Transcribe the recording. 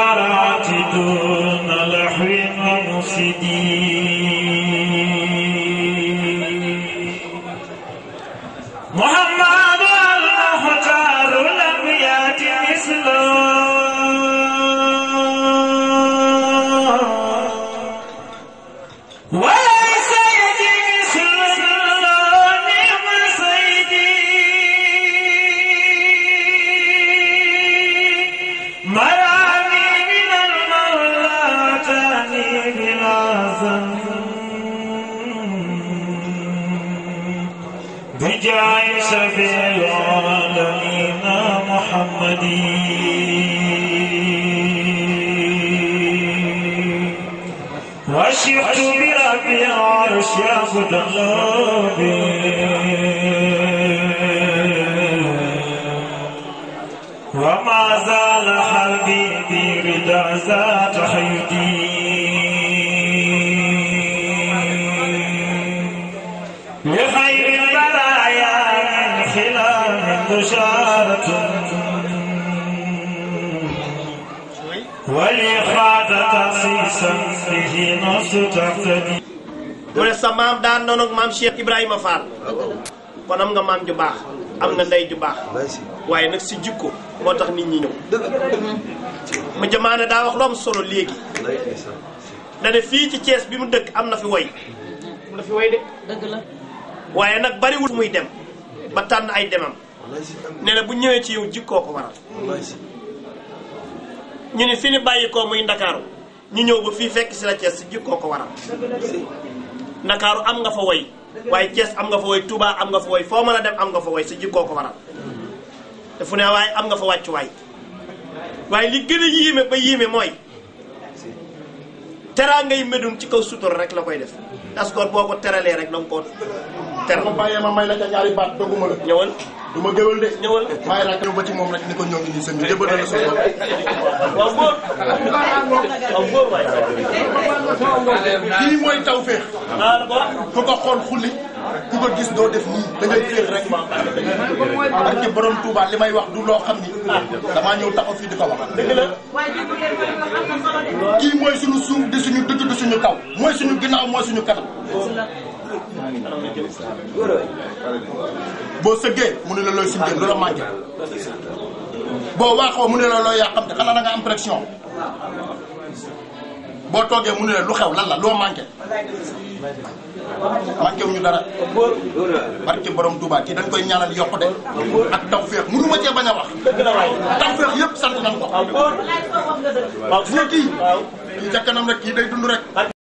الثمرات دون لحو مفسدين محمد المختار لم يأت مثله وليس يدي مثل نعم سيدي بجاي سبيل نبينا محمد وشفت بربي عرش يا ياخد وما زال حبيبي رضا ذات حيدي بشارة ولإخراج تخصيصا به نص تقتدي mu ne sa maam daan noonu maam Cheikh Ibrahima Fall kon am nga maam ju baax am nga ndey ju baax waaye nag si jikko moo tax nit ñi ñëw mu jamaane daa wax lu am solo léegi dane fii ci Thiès bi mu dëkk am na fi woy waaye nag bariwul muy dem ba tànn ay demam nee na bu ñëwee ci yow jikkoo ko waral ñu ni fi ñu bàyyi ko muy ndakaaru ñu ñëw ba fii fekk si la Cees si jikkoo ko waral ndakaaru am nga fa woy waaye Cees am nga fa woy Touba am nga fa woy foo mën a dem am nga fa woy si jikkoo ko waral te fu ne waaye am nga fa wàccuwaay waaye li gën a yéeme ba yéeme mooy teraangay Médoune ci kaw sutura rek la koy def asgor boo ko teralee rek dang ko ter ko baye ma may la ca ñaari baat doguma la ñewal duma geewal de ñewal may nag ñëw ba ci mom rek ni ko ñoo ngi nii sëñ na so suñu waaw góor waaw góor waay lii mooy taw féex ku ko xool xulli ku ko gis do def nii da ngay féex rek borom Touba wax du taxaw di wax dëgg la kii mooy suñu suñu suñu kaw mooy suñu ginnaaw mooy suñu kanam boo sëggee mu ne la looy suñu gën loola manqué boo waaxoo mu ne la looy yàqam te xanaa da nga am pression boo toogee mu ne la lu xew lan la loo manqué manqué wuñu dara barke borom touba ki dañ koy ñaanal yokku de ak tawfiq mënu ma cee bañ wax tawfiq yépp sant nañ ko lii ca kanam rek kii day dund